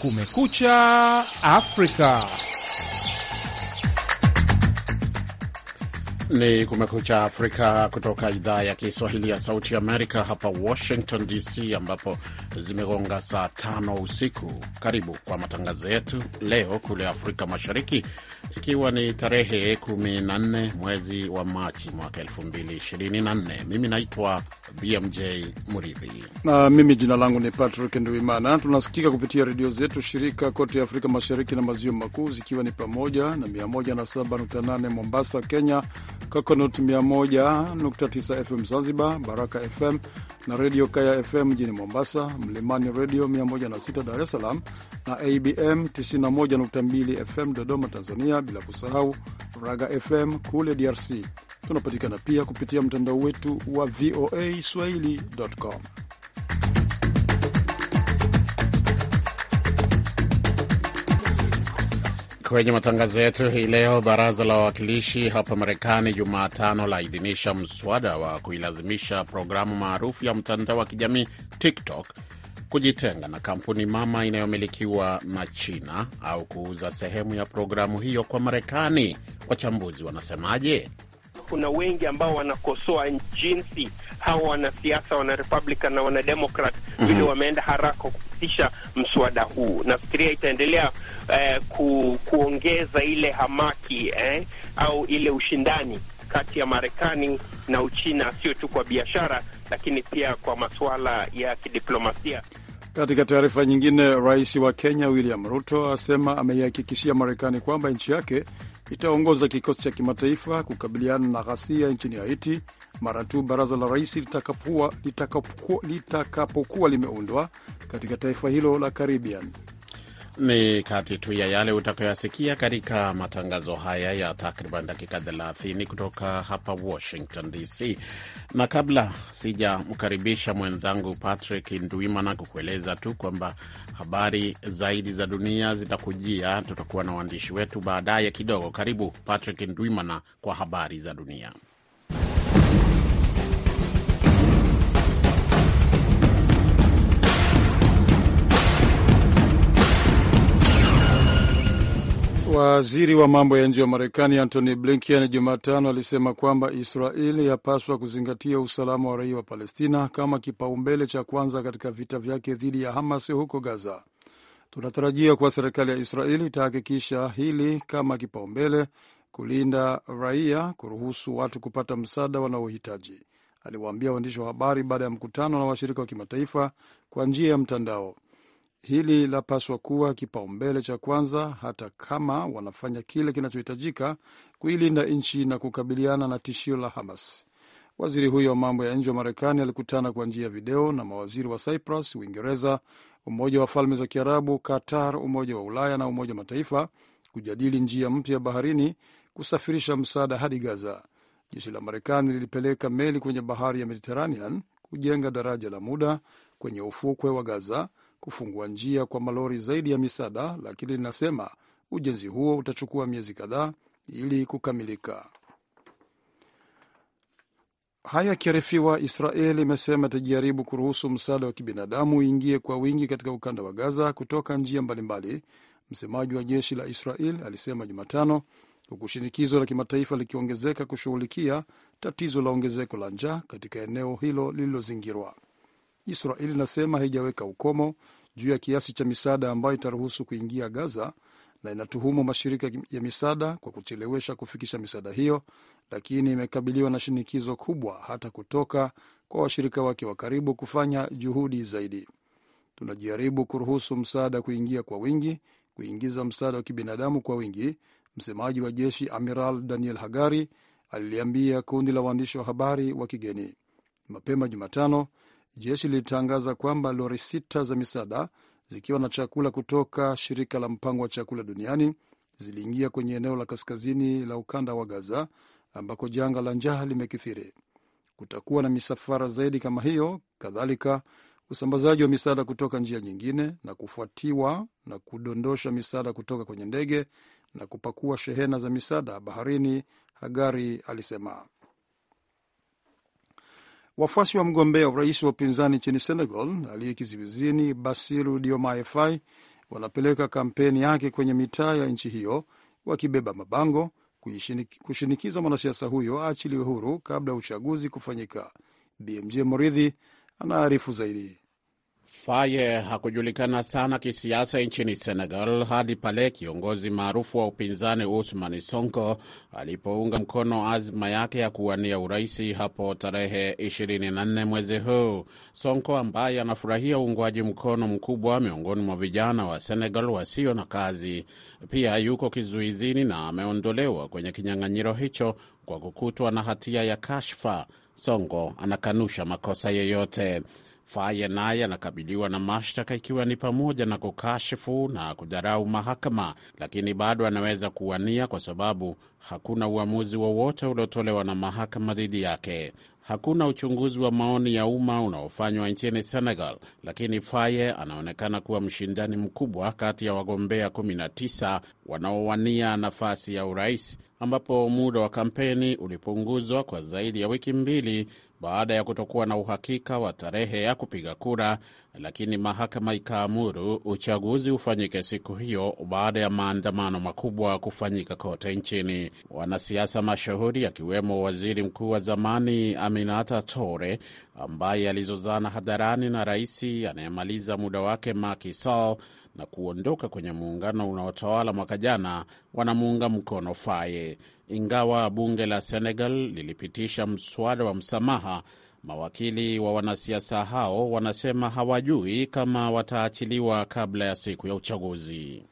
Kumekucha Afrika. Ni Kumekucha Afrika kutoka idhaa ya Kiswahili ya Sauti Amerika hapa Washington DC, ambapo zimegonga saa tano usiku. Karibu kwa matangazo yetu leo kule Afrika Mashariki, ikiwa ni tarehe 14 mwezi wa Machi mwaka 2024. Mimi naitwa BMJ Muridhi na mimi jina langu ni Patrick Nduimana. Tunasikika kupitia redio zetu shirika kote Afrika Mashariki na Maziwa Makuu, zikiwa ni pamoja na 107.8 Mombasa, Kenya, Coconut 101.9 FM Zanzibar, Baraka FM na Redio Kaya FM mjini Mombasa, Mlimani Redio 106 Dar es Salaam na ABM 91.2 FM Dodoma, Tanzania, bila kusahau Raga FM kule DRC. Tunapatikana pia kupitia mtandao wetu wa VOA swahili.com. Kwenye matangazo yetu hii leo, baraza la wawakilishi hapa Marekani Jumatano laidhinisha mswada wa kuilazimisha programu maarufu ya mtandao wa kijamii TikTok kujitenga na kampuni mama inayomilikiwa na China au kuuza sehemu ya programu hiyo kwa Marekani. Wachambuzi wanasemaje? kuna wengi ambao wanakosoa jinsi hawa wanasiasa wana Republican na wana Democrat mm -hmm. wameenda haraka kupitisha mswada huu. Nafikiria itaendelea eh, ku, kuongeza ile hamaki eh, au ile ushindani kati ya Marekani na Uchina, sio tu kwa biashara, lakini pia kwa masuala ya kidiplomasia. Katika taarifa nyingine, rais wa Kenya William Ruto asema ameihakikishia Marekani kwamba nchi yake itaongoza kikosi cha kimataifa kukabiliana na ghasia nchini Haiti mara tu baraza la rais litakapokuwa limeundwa katika taifa hilo la Caribbean. Ni kati tu ya yale utakayoyasikia katika matangazo haya ya takriban dakika 30 kutoka hapa Washington DC. Na kabla sijamkaribisha mwenzangu Patrick Ndwimana kukueleza tu kwamba habari zaidi za dunia zitakujia, tutakuwa na waandishi wetu baadaye kidogo. Karibu Patrick Ndwimana kwa habari za dunia. Waziri wa mambo ya nje wa Marekani Antony Blinken Jumatano alisema kwamba israel yapaswa kuzingatia usalama wa raia wa Palestina kama kipaumbele cha kwanza katika vita vyake dhidi ya Hamas huko Gaza. Tunatarajia kuwa serikali ya Israeli itahakikisha hili kama kipaumbele, kulinda raia, kuruhusu watu kupata msaada wanaohitaji, aliwaambia waandishi wa habari baada ya mkutano na washirika wa kimataifa kwa njia ya mtandao. Hili lapaswa kuwa kipaumbele cha kwanza, hata kama wanafanya kile kinachohitajika kuilinda nchi na kukabiliana na tishio la Hamas. Waziri huyo wa mambo ya nje wa Marekani alikutana kwa njia ya video na mawaziri wa Cyprus, Uingereza, Umoja wa Falme za Kiarabu, Qatar, Umoja wa Ulaya na Umoja wa Mataifa kujadili njia mpya ya baharini kusafirisha msaada hadi Gaza. Jeshi la Marekani lilipeleka meli kwenye bahari ya Mediterranean kujenga daraja la muda kwenye ufukwe wa Gaza kufungua njia kwa malori zaidi ya misaada, lakini linasema ujenzi huo utachukua miezi kadhaa ili kukamilika. Haya yakiarifiwa, Israel imesema itajaribu kuruhusu msaada wa kibinadamu uingie kwa wingi katika ukanda wa Gaza kutoka njia mbalimbali. Msemaji wa jeshi la Israel alisema Jumatano, huku shinikizo la kimataifa likiongezeka kushughulikia tatizo la ongezeko la njaa katika eneo hilo lililozingirwa. Israeli inasema haijaweka ukomo juu ya kiasi cha misaada ambayo itaruhusu kuingia Gaza na inatuhumu mashirika ya misaada kwa kuchelewesha kufikisha misaada hiyo, lakini imekabiliwa na shinikizo kubwa hata kutoka kwa washirika wake wa karibu kufanya juhudi zaidi. Tunajaribu kuruhusu msaada kuingia kwa wingi, kuingiza msaada wa kibinadamu kwa wingi, msemaji wa jeshi Amiral Daniel Hagari aliliambia kundi la waandishi wa habari wa kigeni mapema Jumatano. Jeshi lilitangaza kwamba lori sita za misaada zikiwa na chakula kutoka shirika la mpango wa chakula duniani ziliingia kwenye eneo la kaskazini la ukanda wa Gaza ambako janga la njaa limekithiri. Kutakuwa na misafara zaidi kama hiyo, kadhalika usambazaji wa misaada kutoka njia nyingine, na kufuatiwa na kudondosha misaada kutoka kwenye ndege na kupakua shehena za misaada baharini, Hagari alisema. Wafuasi wa mgombea urais wa upinzani nchini Senegal aliye kizuizini Basiru Diomaye Faye wanapeleka kampeni yake kwenye mitaa ya nchi hiyo wakibeba mabango kushinikiza mwanasiasa huyo aachiliwe huru kabla ya uchaguzi kufanyika. BMJ Moridhi anaarifu zaidi. Faye hakujulikana sana kisiasa nchini Senegal hadi pale kiongozi maarufu wa upinzani Usmani Sonko alipounga mkono azma yake ya kuwania uraisi hapo tarehe 24 mwezi huu. Sonko ambaye anafurahia uungwaji mkono mkubwa miongoni mwa vijana wa Senegal wasio na kazi, pia yuko kizuizini na ameondolewa kwenye kinyang'anyiro hicho kwa kukutwa na hatia ya kashfa. Sonko anakanusha makosa yeyote Faye naye anakabiliwa na mashtaka ikiwa ni pamoja na kukashifu na kudharau mahakama, lakini bado anaweza kuwania kwa sababu hakuna uamuzi wowote uliotolewa na mahakama dhidi yake. Hakuna uchunguzi wa maoni ya umma unaofanywa nchini Senegal, lakini Faye anaonekana kuwa mshindani mkubwa kati ya wagombea 19 wanaowania nafasi ya urais, ambapo muda wa kampeni ulipunguzwa kwa zaidi ya wiki mbili baada ya kutokuwa na uhakika wa tarehe ya kupiga kura lakini mahakama ikaamuru uchaguzi ufanyike siku hiyo baada ya maandamano makubwa kufanyika kote nchini. Wanasiasa mashuhuri akiwemo waziri mkuu wa zamani Aminata Tore ambaye alizozana hadharani na rais anayemaliza muda wake Macky Sall na kuondoka kwenye muungano unaotawala mwaka jana wanamuunga mkono Faye, ingawa bunge la Senegal lilipitisha mswada wa msamaha Mawakili wa wanasiasa hao wanasema hawajui kama wataachiliwa kabla ya siku ya uchaguzi.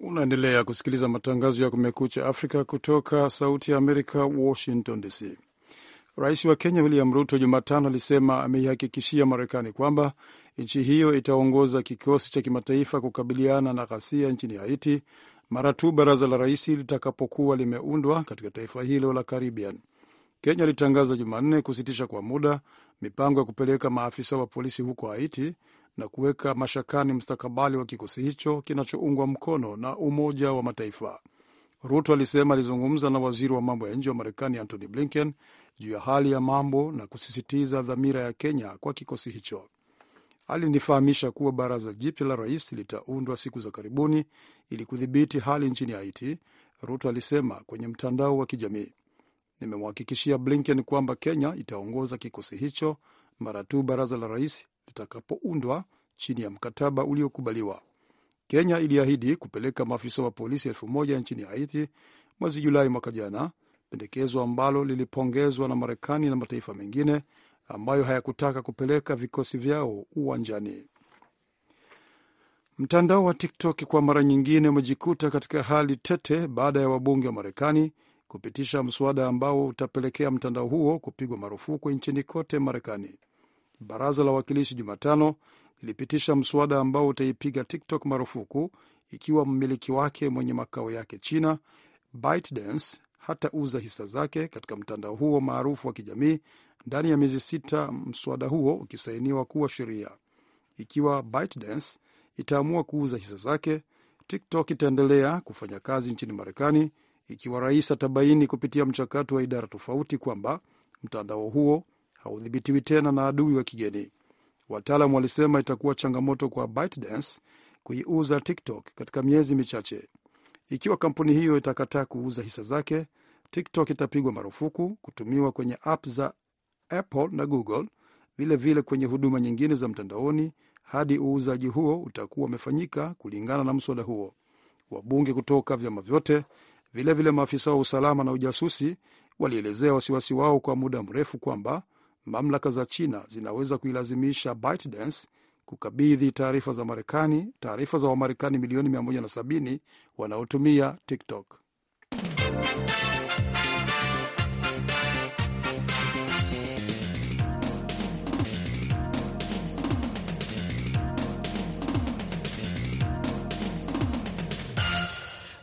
Unaendelea kusikiliza matangazo ya Kumekucha Afrika kutoka Sauti ya Amerika, Washington DC. Rais wa Kenya William Ruto Jumatano alisema ameihakikishia Marekani kwamba nchi hiyo itaongoza kikosi cha kimataifa kukabiliana na ghasia nchini Haiti mara tu baraza la rais litakapokuwa limeundwa katika taifa hilo la Caribbean. Kenya ilitangaza Jumanne kusitisha kwa muda mipango ya kupeleka maafisa wa polisi huko Haiti na kuweka mashakani mustakabali wa kikosi hicho kinachoungwa mkono na Umoja wa Mataifa. Ruto alisema alizungumza na waziri wa mambo ya nje wa Marekani Antony Blinken juu ya hali ya mambo na kusisitiza dhamira ya Kenya kwa kikosi hicho. Alinifahamisha kuwa baraza jipya la rais litaundwa siku za karibuni ili kudhibiti hali nchini Haiti, Ruto alisema kwenye mtandao wa kijamii. Nimemhakikishia Blinken kwamba Kenya itaongoza kikosi hicho mara tu baraza la rais litakapoundwa chini ya mkataba uliokubaliwa. Kenya iliahidi kupeleka maafisa wa polisi elfu moja nchini Haiti mwezi Julai mwaka jana, pendekezo ambalo lilipongezwa na Marekani na mataifa mengine ambayo hayakutaka kupeleka vikosi vyao uwanjani. Mtandao wa TikTok kwa mara nyingine umejikuta katika hali tete baada ya wabunge wa Marekani kupitisha mswada ambao utapelekea mtandao huo kupigwa marufuku nchini kote Marekani. Baraza la Wawakilishi Jumatano lilipitisha mswada ambao utaipiga TikTok marufuku ikiwa mmiliki wake mwenye makao yake China, ByteDance, hatauza hisa zake katika mtandao huo maarufu wa kijamii ndani ya miezi sita, mswada huo ukisainiwa kuwa sheria. Ikiwa ByteDance itaamua kuuza hisa zake, TikTok itaendelea kufanya kazi nchini Marekani ikiwa rais atabaini kupitia mchakato wa idara tofauti kwamba mtandao huo haudhibitiwi tena na adui wa kigeni. Wataalam walisema itakuwa changamoto kwa ByteDance kuiuza TikTok katika miezi michache. Ikiwa kampuni hiyo itakataa kuuza hisa zake, TikTok itapigwa marufuku kutumiwa kwenye app za Apple na Google, vilevile vile kwenye huduma nyingine za mtandaoni hadi uuzaji huo utakuwa umefanyika kulingana na mswada huo. Wabunge kutoka vyama vyote Vilevile, maafisa wa usalama na ujasusi walielezea wasiwasi wao kwa muda mrefu kwamba mamlaka za China zinaweza kuilazimisha ByteDance kukabidhi taarifa za Marekani, taarifa za Wamarekani milioni 170 wanaotumia TikTok.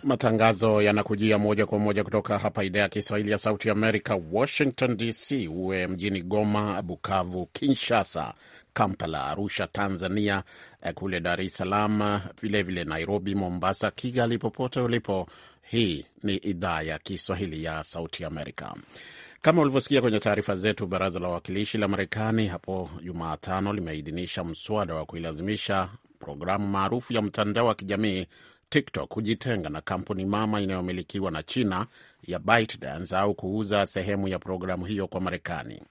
Matangazo yanakujia moja kwa moja kutoka hapa idhaa ya Kiswahili ya Sauti Amerika, Washington DC. Uwe mjini Goma, Bukavu, Kinshasa, Kampala, Arusha Tanzania, eh, kule Dar es Salaam, vilevile Nairobi, Mombasa, Kigali, popote ulipo, hii ni idhaa ya Kiswahili ya Sauti Amerika. Kama ulivyosikia kwenye taarifa zetu, baraza la wawakilishi la Marekani hapo jumaatano limeidhinisha mswada wa kuilazimisha programu maarufu ya mtandao wa kijamii TikTok kujitenga na kampuni mama inayomilikiwa na China ya ByteDance au kuuza sehemu ya programu hiyo kwa Marekani.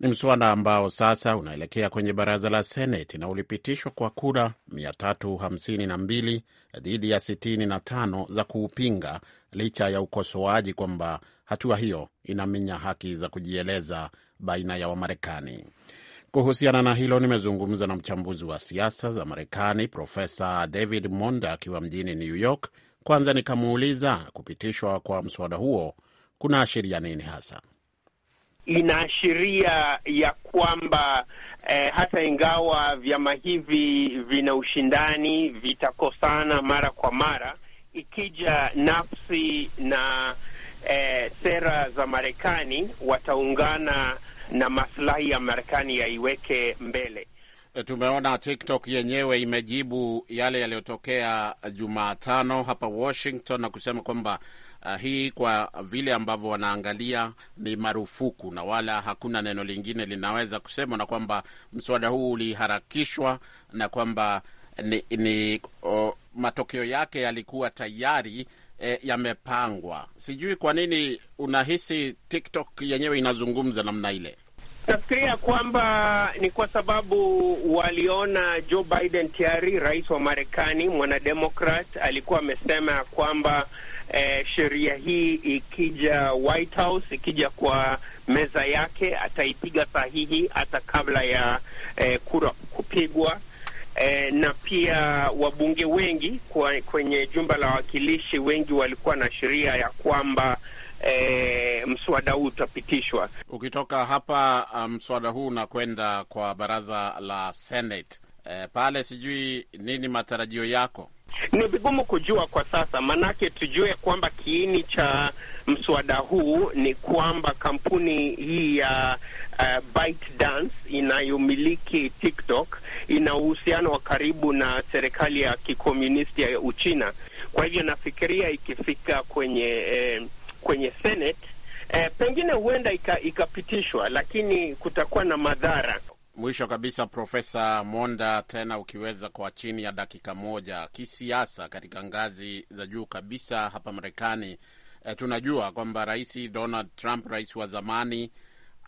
Ni mswada ambao sasa unaelekea kwenye baraza la Seneti na ulipitishwa kwa kura 352 dhidi ya 65 za kuupinga, licha ya ukosoaji kwamba hatua hiyo inaminya haki za kujieleza baina ya Wamarekani. Kuhusiana na hilo nimezungumza na mchambuzi wa siasa za Marekani Profesa David Monda akiwa mjini New York. Kwanza nikamuuliza kupitishwa kwa mswada huo kunaashiria nini hasa? Inaashiria ya kwamba eh, hata ingawa vyama hivi vina ushindani, vitakosana mara kwa mara, ikija nafsi na eh, sera za Marekani wataungana na maslahi ya Marekani yaiweke mbele. E, tumeona TikTok yenyewe imejibu yale yaliyotokea Jumatano hapa Washington na kusema kwamba uh, hii kwa vile ambavyo wanaangalia ni marufuku na wala hakuna neno lingine linaweza kusema, na kwamba mswada huu uliharakishwa na kwamba ni, ni o, matokeo yake yalikuwa tayari e, yamepangwa. Sijui kwa nini unahisi TikTok yenyewe inazungumza namna ile. Nafikiria kwamba ni kwa sababu waliona Joe Biden tayari, rais wa Marekani mwanademokrat, alikuwa amesema ya kwamba eh, sheria hii ikija White House, ikija kwa meza yake ataipiga sahihi hata kabla ya eh, kura kupigwa. Eh, na pia wabunge wengi kwa, kwenye jumba la wawakilishi wengi walikuwa na sheria ya kwamba e, mswada huu utapitishwa. Ukitoka hapa um, mswada huu unakwenda kwa baraza la Senate. E, pale sijui nini matarajio yako? Ni vigumu kujua kwa sasa, maanake tujue kwamba kiini cha mswada huu ni kwamba kampuni hii ya uh, ByteDance inayomiliki TikTok ina uhusiano wa karibu na serikali ya kikomunisti ya Uchina. Kwa hivyo nafikiria ikifika kwenye eh, kwenye Senate eh, pengine huenda ikapitishwa ika, lakini kutakuwa na madhara. Mwisho kabisa, Profesa Monda, tena ukiweza kwa chini ya dakika moja, kisiasa katika ngazi za juu kabisa hapa Marekani. eh, tunajua kwamba Rais Donald Trump, rais wa zamani,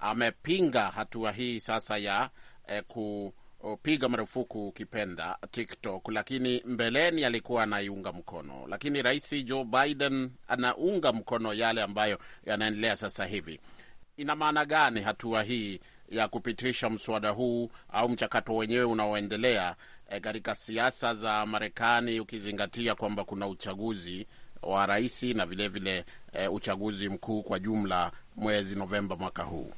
amepinga hatua hii sasa ya eh, ku piga marufuku ukipenda TikTok, lakini mbeleni alikuwa anaiunga mkono, lakini Rais Joe Biden anaunga mkono yale ambayo yanaendelea sasa hivi. Ina maana gani hatua hii ya kupitisha mswada huu au mchakato wenyewe unaoendelea eh, katika e, siasa za Marekani, ukizingatia kwamba kuna uchaguzi wa rais na vilevile vile, e, uchaguzi mkuu kwa jumla mwezi Novemba mwaka huu?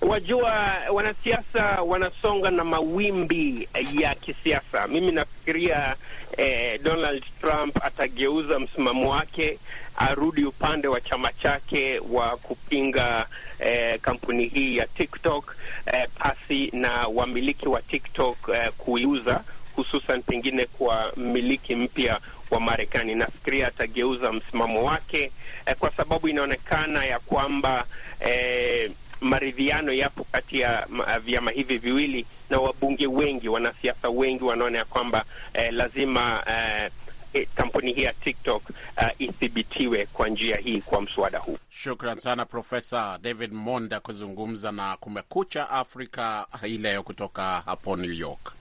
Wajua, wanasiasa wanasonga na mawimbi ya kisiasa. Mimi nafikiria eh, Donald Trump atageuza msimamo wake, arudi upande wa chama chake wa kupinga eh, kampuni hii ya TikTok eh, pasi na wamiliki wa TikTok eh, kuiuza hususan pengine kwa mmiliki mpya wa Marekani. Nafikiria atageuza msimamo wake eh, kwa sababu inaonekana ya kwamba eh, maridhiano yapo kati ya vyama hivi viwili, na wabunge wengi, wanasiasa wengi wanaona ya kwamba eh, lazima eh, eh kampuni hii ya TikTok uh, ithibitiwe kwa njia hii kwa mswada huu. Shukran sana Profesa David Monda kuzungumza na Kumekucha Afrika hii leo kutoka hapo New York.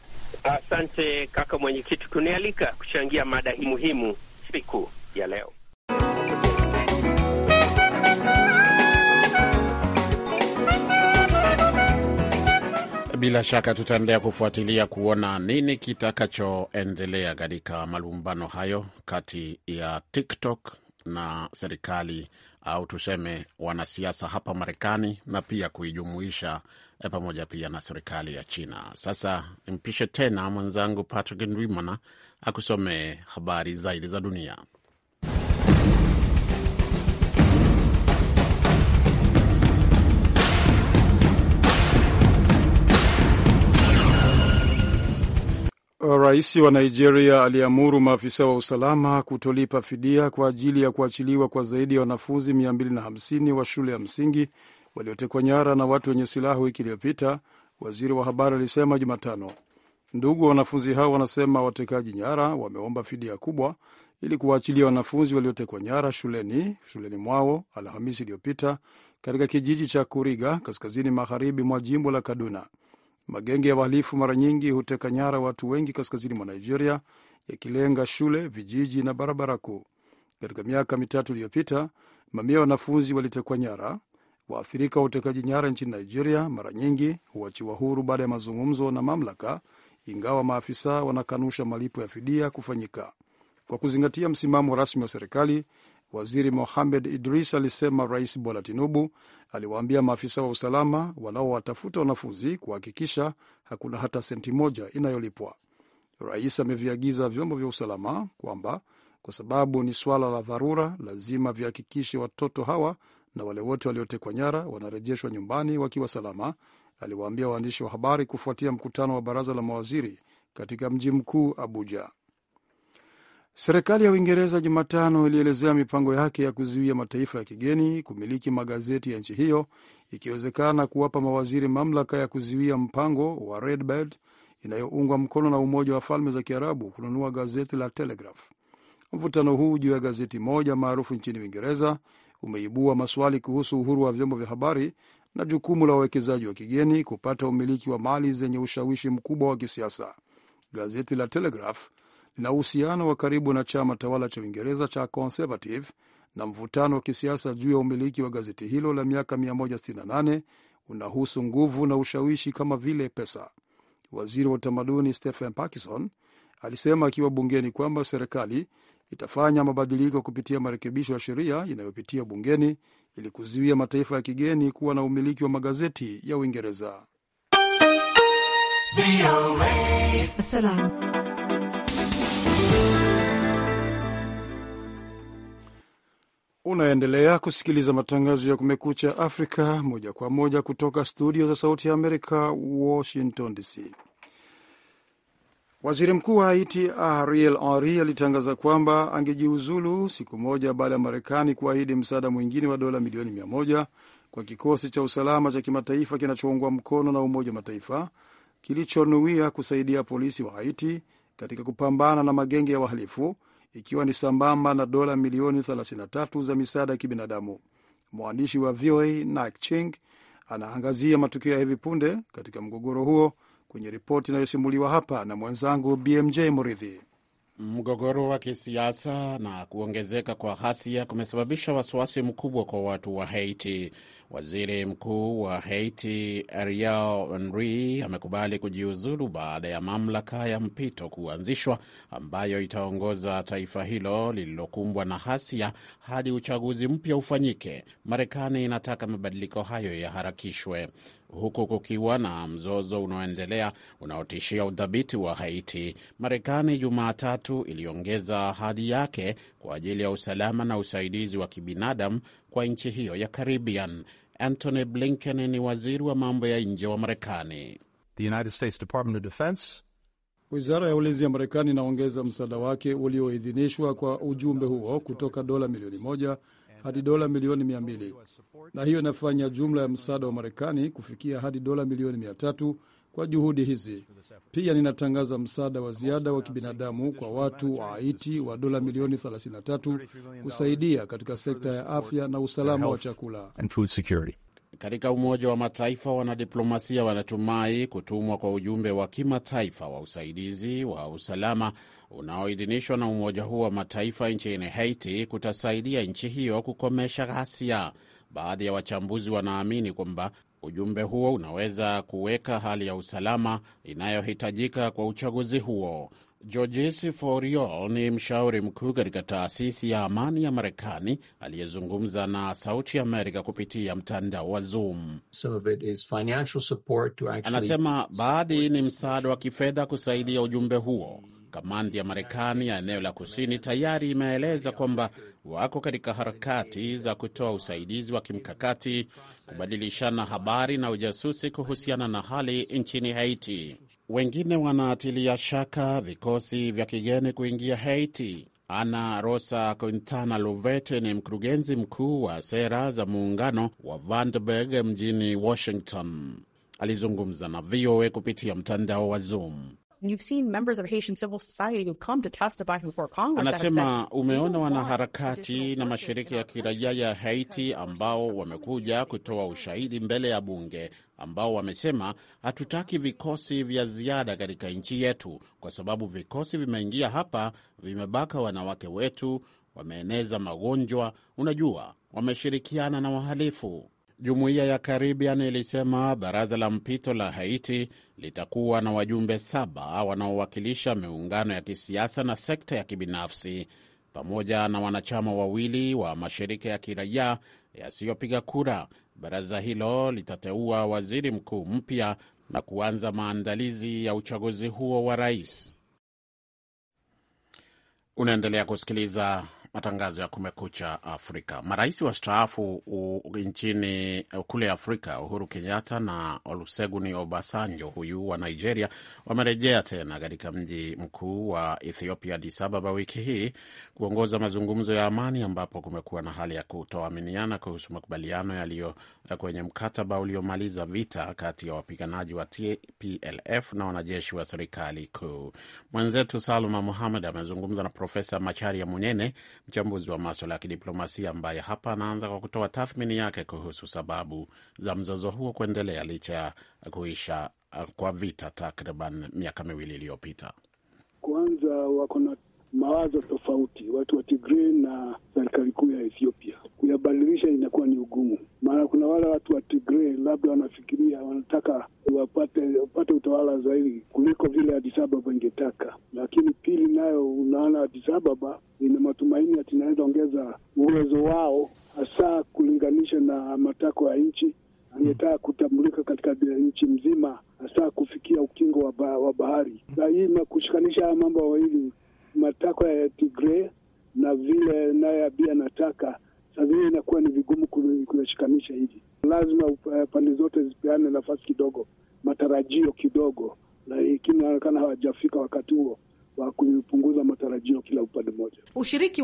Asante kaka mwenyekiti kunialika kuchangia mada hii muhimu siku ya leo. Bila shaka tutaendelea kufuatilia kuona nini kitakachoendelea katika malumbano hayo kati ya TikTok na serikali au tuseme wanasiasa hapa Marekani, na pia kuijumuisha eh, pamoja pia na serikali ya China. Sasa mpishe tena mwenzangu Patrick Ndwimana akusomee habari zaidi za dunia. Uh, rais wa Nigeria aliamuru maafisa wa usalama kutolipa fidia kwa ajili ya kuachiliwa kwa zaidi ya wanafunzi 250 wa shule ya msingi waliotekwa nyara na watu wenye silaha wiki iliyopita, waziri wa habari alisema Jumatano. Ndugu wa wanafunzi hao wanasema watekaji nyara wameomba fidia kubwa ili kuwaachilia wanafunzi waliotekwa nyara shuleni shuleni mwao Alhamisi iliyopita katika kijiji cha Kuriga, kaskazini magharibi mwa jimbo la Kaduna. Magenge ya wahalifu mara nyingi huteka nyara watu wengi kaskazini mwa Nigeria, yakilenga shule, vijiji na barabara kuu. Katika miaka mitatu iliyopita, mamia ya wanafunzi walitekwa nyara. Waathirika wa utekaji nyara nchini Nigeria mara nyingi huachiwa huru baada ya mazungumzo na mamlaka, ingawa maafisa wanakanusha malipo ya fidia kufanyika. Kwa kuzingatia msimamo rasmi wa serikali, Waziri Mohamed Idris alisema Rais Bola Tinubu aliwaambia maafisa wa usalama wanaowatafuta wanafunzi kuhakikisha hakuna hata senti moja inayolipwa. Rais ameviagiza vyombo vya usalama kwamba kwa sababu ni swala la dharura, lazima vihakikishe watoto hawa na wale wote waliotekwa nyara wanarejeshwa nyumbani wakiwa salama, aliwaambia waandishi wa habari kufuatia mkutano wa baraza la mawaziri katika mji mkuu Abuja. Serikali ya Uingereza Jumatano ilielezea mipango yake ya kuzuia mataifa ya kigeni kumiliki magazeti ya nchi hiyo, ikiwezekana kuwapa mawaziri mamlaka ya kuzuia mpango wa Redbird inayoungwa mkono na Umoja wa Falme za Kiarabu kununua gazeti la Telegraph. Mvutano huu juu ya gazeti moja maarufu nchini Uingereza umeibua maswali kuhusu uhuru wa vyombo vya habari na jukumu la wawekezaji wa kigeni kupata umiliki wa mali zenye ushawishi mkubwa wa kisiasa. Gazeti la Telegraph lina uhusiano wa karibu na chama tawala cha Uingereza cha Conservative na mvutano wa kisiasa juu ya umiliki wa gazeti hilo la miaka 168 unahusu nguvu na ushawishi kama vile pesa. Waziri wa utamaduni Stephen Parkinson alisema akiwa bungeni kwamba serikali itafanya mabadiliko kupitia marekebisho ya sheria inayopitia bungeni ili kuzuia mataifa ya kigeni kuwa na umiliki wa magazeti ya Uingereza. Unaendelea kusikiliza matangazo ya Kumekucha Afrika moja kwa moja kutoka studio za Sauti ya Amerika, Washington DC. Waziri Mkuu wa Haiti Ariel henri alitangaza kwamba angejiuzulu siku moja baada ya Marekani kuahidi msaada mwingine wa dola milioni mia moja kwa kikosi cha usalama cha kimataifa kinachoungwa mkono na Umoja wa Mataifa kilichonuia kusaidia polisi wa Haiti katika kupambana na magenge ya wahalifu ikiwa ni sambamba na dola milioni 33 za misaada ya kibinadamu. Mwandishi wa VOA Nak Ching anaangazia matukio ya hivi punde katika mgogoro huo kwenye ripoti inayosimuliwa hapa na mwenzangu BMJ Muridhi. Mgogoro wa kisiasa na kuongezeka kwa ghasia kumesababisha wasiwasi mkubwa kwa watu wa Haiti. Waziri mkuu wa Haiti Ariel Henry amekubali kujiuzulu baada ya mamlaka ya mpito kuanzishwa ambayo itaongoza taifa hilo lililokumbwa na ghasia hadi uchaguzi mpya ufanyike. Marekani inataka mabadiliko hayo yaharakishwe huku kukiwa na mzozo unaoendelea unaotishia udhabiti wa Haiti, Marekani Jumatatu iliongeza ahadi yake kwa ajili ya usalama na usaidizi wa kibinadamu kwa nchi hiyo ya Caribbean. Antony Blinken ni waziri wa mambo ya nje wa Marekani. Wizara ya ulinzi ya Marekani inaongeza msaada wake ulioidhinishwa kwa ujumbe huo kutoka dola milioni moja hadi dola milioni mia mbili na hiyo inafanya jumla ya msaada wa Marekani kufikia hadi dola milioni mia tatu kwa juhudi hizi. Pia ninatangaza msaada wa ziada wa kibinadamu kwa watu wa Haiti wa dola milioni 33 kusaidia katika sekta ya afya na usalama wa chakula. Katika Umoja wa Mataifa, wanadiplomasia wanatumai kutumwa kwa ujumbe wa kimataifa wa usaidizi wa usalama unaoidhinishwa na Umoja huo wa Mataifa nchini Haiti kutasaidia nchi hiyo kukomesha ghasia. Baadhi ya wachambuzi wanaamini kwamba ujumbe huo unaweza kuweka hali ya usalama inayohitajika kwa uchaguzi huo. Georges Forio ni mshauri mkuu katika taasisi ya amani ya Marekani aliyezungumza na Sauti Amerika kupitia mtandao wa Zoom. Anasema baadhi ni msaada wa kifedha kusaidia ujumbe huo, Kamandi ya Marekani ya eneo la kusini tayari imeeleza kwamba wako katika harakati za kutoa usaidizi wa kimkakati, kubadilishana habari na ujasusi kuhusiana na hali nchini Haiti. Wengine wanaatilia shaka vikosi vya kigeni kuingia Haiti. Ana Rosa Quintana luvete ni mkurugenzi mkuu wa sera za muungano wa Vandenberg mjini Washington. Alizungumza na VOA kupitia mtandao wa Zoom you've seen members of Haitian civil society who've come to testify before Congress. Anasema umeona wanaharakati na mashirika ya kiraia ya Haiti ambao wamekuja kutoa ushahidi mbele ya bunge ambao wamesema hatutaki vikosi vya ziada katika nchi yetu, kwa sababu vikosi vimeingia hapa, vimebaka wanawake wetu, wameeneza magonjwa, unajua, wameshirikiana na wahalifu. Jumuiya ya Caribbean ilisema baraza la mpito la Haiti litakuwa na wajumbe saba wanaowakilisha miungano ya kisiasa na sekta ya kibinafsi pamoja na wanachama wawili wa mashirika ya kiraia yasiyopiga kura. Baraza hilo litateua waziri mkuu mpya na kuanza maandalizi ya uchaguzi huo wa rais. Unaendelea kusikiliza matangazo ya Kumekucha Afrika. Marais wa staafu nchini kule Afrika, Uhuru Kenyatta na oluseguni Obasanjo, huyu wa Nigeria, wamerejea tena katika mji mkuu wa Ethiopia, disababa Ababa, wiki hii kuongoza mazungumzo ya amani ambapo kumekuwa na hali ya kutoaminiana kuhusu makubaliano yaliyo kwenye mkataba uliomaliza vita kati ya wapiganaji wa TPLF na wanajeshi wa serikali kuu. Mwenzetu Salma Muhamed amezungumza na Profesa Macharia Munyene, mchambuzi wa maswala ya kidiplomasia, ambaye hapa anaanza kwa kutoa tathmini yake kuhusu sababu za mzozo huo kuendelea licha ya kuisha kwa vita takriban miaka miwili iliyopita. Kwanza wako na mawazo tofauti, watu wa Tigray na serikali kuu ya Ethiopia. Kuyabadilisha inakuwa ni ugumu, maana kuna wale watu wa Tigray labda wanafikiria wanataka wapate wapate utawala zaidi kuliko vile Addis Ababa ingetaka, lakini pili nayo unaona Addis Ababa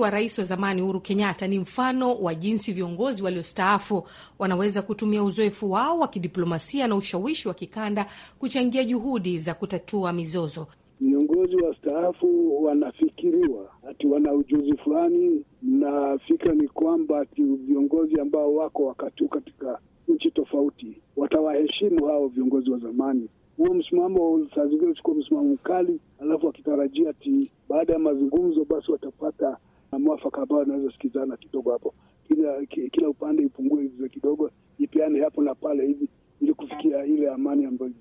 wa rais wa zamani Uhuru Kenyatta ni mfano wa jinsi viongozi waliostaafu wanaweza kutumia uzoefu wao wa kidiplomasia na ushawishi wa kikanda kuchangia juhudi za kutatua mizozo. Viongozi wa staafu wanafikiriwa ati wana ujuzi fulani, na fikra ni kwamba ati viongozi ambao wako wakati katika nchi tofauti watawaheshimu hao viongozi wa zamani. Huo msimamo saa zingine uchukua msimamo mkali, alafu wakitarajia ati baada ya mazungumzo basi watapata na mwafaka ambao anaweza sikizana kidogo hapo, kila kila upande ipungue hivyo kidogo, ipeane hapo na pale hivi, ili kufikia ile amani ambayo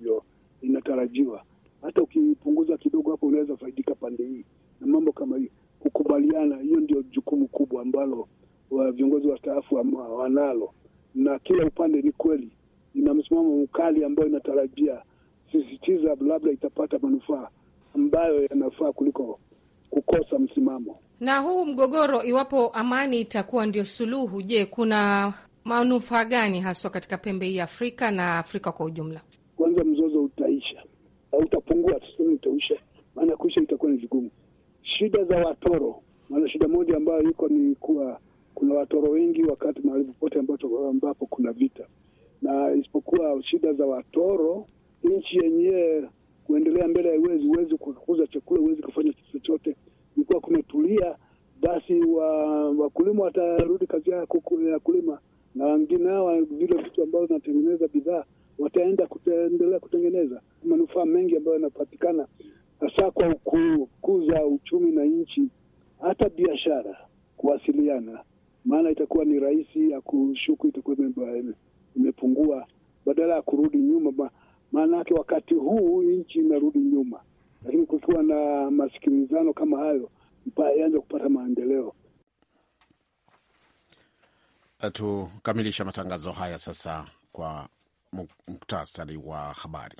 inatarajiwa. Hata ukipunguza kidogo hapo, unaweza faidika pande hii na mambo kama hiyo, kukubaliana. Hiyo ndio jukumu kubwa ambalo wa viongozi wastaafu wanalo, na kila upande ni kweli ina msimamo mkali ambayo inatarajia sisitiza labda itapata manufaa ambayo yanafaa kuliko kukosa msimamo. Na huu mgogoro, iwapo amani itakuwa ndio suluhu, je, kuna manufaa gani haswa katika pembe hii ya Afrika na Afrika kwa ujumla? Kwanza mzozo utaisha utapungua, tuseme utaisha, maana kuisha itakuwa ni vigumu. Shida za watoro, maana shida moja ambayo iko ni kuwa kuna watoro wengi wakati mahali popote ambapo kuna vita, na isipokuwa shida za watoro, nchi yenyewe kuendelea mbele haiwezi, huwezi kukuza chakula, huwezi kufanya chochote kukiwa kumetulia, basi wakulima wa watarudi kazi yao ya kulima, na wengine hawa vile vitu ambavyo vinatengeneza bidhaa wataenda kutendelea kutengeneza manufaa mengi ambayo yanapatikana hasa kwa kukuza uchumi na nchi, hata biashara, kuwasiliana, maana itakuwa ni rahisi ya kushuku, itakuwa imepungua badala ya kurudi nyuma. Maana yake wakati huu nchi inarudi nyuma, lakini kukiwa na masikilizano kama hayo mpaka ianze kupata maendeleo. Tukamilisha matangazo haya sasa kwa muktasari wa habari.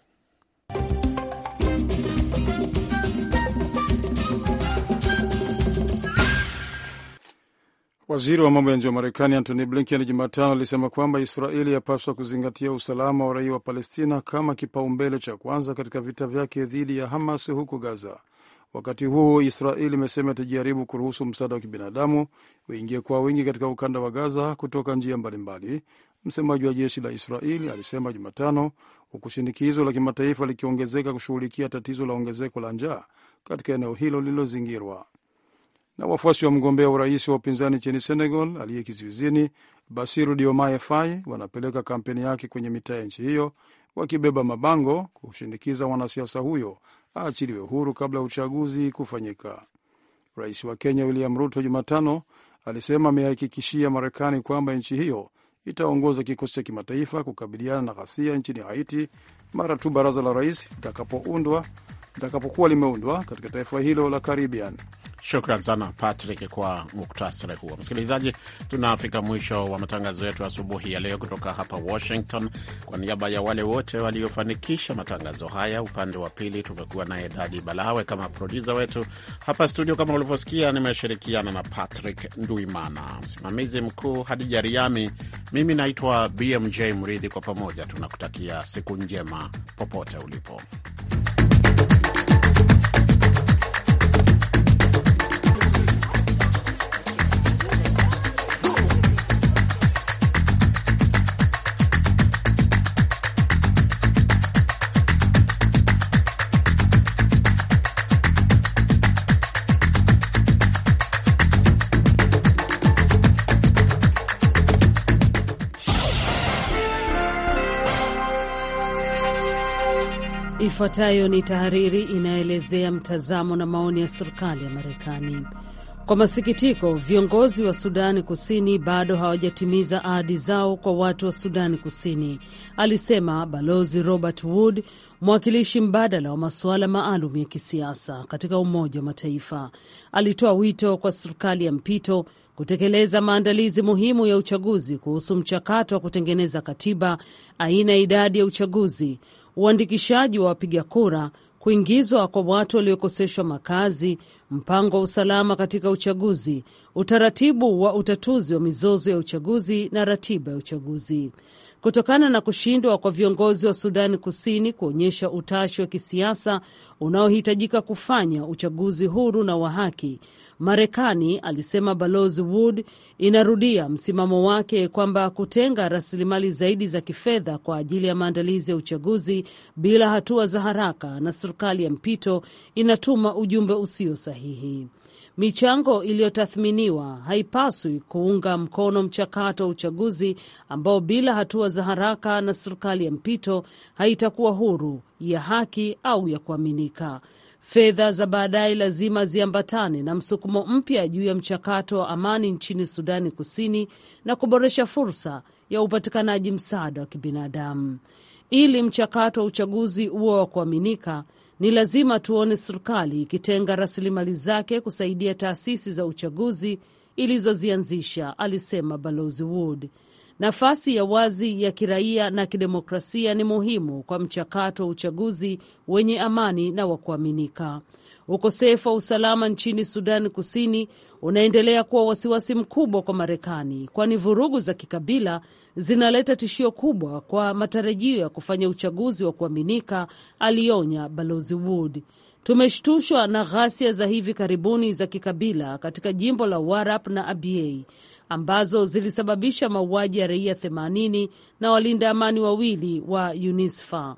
Waziri wa mambo ya nje wa Marekani Antony Blinken Jumatano alisema kwamba Israeli yapaswa kuzingatia usalama wa raia wa Palestina kama kipaumbele cha kwanza katika vita vyake dhidi ya Hamas huko Gaza. Wakati huo Israeli imesema itajaribu kuruhusu msaada wa kibinadamu uingie kwa wingi katika ukanda wa Gaza kutoka njia mbalimbali. Msemaji wa jeshi la Israeli alisema Jumatano, huku shinikizo la kimataifa likiongezeka kushughulikia tatizo la ongezeko la njaa katika eneo hilo lililozingirwa na wafuasi wa mgombea urais wa upinzani nchini Senegal aliye kizuizini Basiru Diomaye Faye wanapeleka kampeni yake kwenye mitaa ya nchi hiyo wakibeba mabango kushinikiza mwanasiasa huyo aachiliwe huru kabla ya uchaguzi kufanyika. Rais wa Kenya William Ruto Jumatano alisema amehakikishia Marekani kwamba nchi hiyo itaongoza kikosi cha kimataifa kukabiliana na ghasia nchini Haiti mara tu baraza la rais litakapokuwa limeundwa katika taifa hilo la Caribbean. Shukran sana Patrick kwa muktasari huo. Msikilizaji, tunafika mwisho wa matangazo yetu asubuhi ya leo kutoka hapa Washington. Kwa niaba ya wale wote waliofanikisha matangazo haya, upande wa pili tumekuwa naye Dadi Balawe kama produsa wetu hapa studio. Kama ulivyosikia, nimeshirikiana na Patrick Nduimana, msimamizi mkuu Hadija Riami. Mimi naitwa BMJ Mridhi. Kwa pamoja tunakutakia siku njema popote ulipo. Ifuatayo ni tahariri inayoelezea mtazamo na maoni ya serikali ya Marekani. Kwa masikitiko, viongozi wa Sudani Kusini bado hawajatimiza ahadi zao kwa watu wa Sudani Kusini, alisema Balozi Robert Wood, mwakilishi mbadala wa masuala maalum ya kisiasa katika Umoja wa Mataifa. Alitoa wito kwa serikali ya mpito kutekeleza maandalizi muhimu ya uchaguzi kuhusu mchakato wa kutengeneza katiba, aina ya idadi ya uchaguzi, uandikishaji wa wapiga kura, kuingizwa kwa watu waliokoseshwa makazi, mpango wa usalama katika uchaguzi, utaratibu wa utatuzi wa mizozo ya uchaguzi na ratiba ya uchaguzi kutokana na kushindwa kwa viongozi wa Sudani Kusini kuonyesha utashi wa kisiasa unaohitajika kufanya uchaguzi huru na wa haki. Marekani, alisema Balozi Wood, inarudia msimamo wake kwamba kutenga rasilimali zaidi za kifedha kwa ajili ya maandalizi ya uchaguzi bila hatua za haraka na serikali ya mpito inatuma ujumbe usio sahihi. Michango iliyotathminiwa haipaswi kuunga mkono mchakato wa uchaguzi ambao bila hatua za haraka na serikali ya mpito haitakuwa huru, ya haki au ya kuaminika. Fedha za baadaye lazima ziambatane na msukumo mpya juu ya mchakato wa amani nchini Sudani Kusini na kuboresha fursa ya upatikanaji msaada wa kibinadamu. Ili mchakato wa uchaguzi uwe wa kuaminika, ni lazima tuone serikali ikitenga rasilimali zake kusaidia taasisi za uchaguzi ilizozianzisha, alisema Balozi Wood. Nafasi ya wazi ya kiraia na kidemokrasia ni muhimu kwa mchakato wa uchaguzi wenye amani na wa kuaminika. Ukosefu wa usalama nchini Sudani Kusini unaendelea kuwa wasiwasi mkubwa kwa Marekani, kwani vurugu za kikabila zinaleta tishio kubwa kwa matarajio ya kufanya uchaguzi wa kuaminika, alionya Balozi Wood. Tumeshtushwa na ghasia za hivi karibuni za kikabila katika jimbo la warap na Abyei ambazo zilisababisha mauaji ya raia 80 na walinda amani wawili wa UNISFA.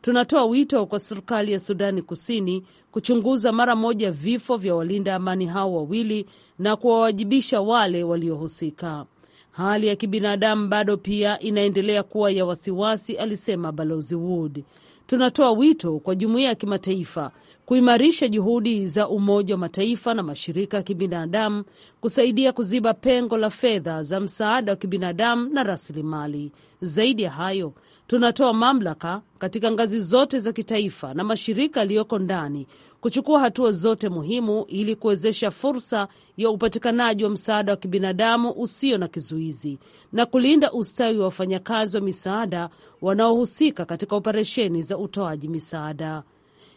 Tunatoa wito kwa serikali ya Sudani Kusini kuchunguza mara moja vifo vya walinda amani hao wawili na kuwawajibisha wale waliohusika. Hali ya kibinadamu bado pia inaendelea kuwa ya wasiwasi, alisema Balozi Wood. Tunatoa wito kwa jumuiya ya kimataifa kuimarisha juhudi za Umoja wa Mataifa na mashirika ya kibinadamu kusaidia kuziba pengo la fedha za msaada wa kibinadamu na rasilimali. Zaidi ya hayo, tunatoa mamlaka katika ngazi zote za kitaifa na mashirika yaliyoko ndani kuchukua hatua zote muhimu ili kuwezesha fursa ya upatikanaji wa msaada wa kibinadamu usio na kizuizi na kulinda ustawi wa wafanyakazi wa misaada wanaohusika katika operesheni za utoaji misaada.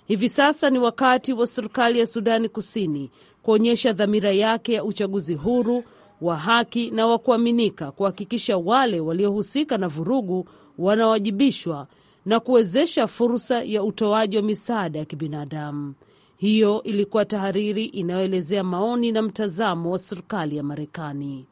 Hivi sasa ni wakati wa serikali ya Sudani Kusini kuonyesha dhamira yake ya uchaguzi huru wa haki na wa kuaminika, kuhakikisha wale waliohusika na vurugu wanawajibishwa na kuwezesha fursa ya utoaji wa misaada ya kibinadamu. Hiyo ilikuwa tahariri inayoelezea maoni na mtazamo wa serikali ya Marekani.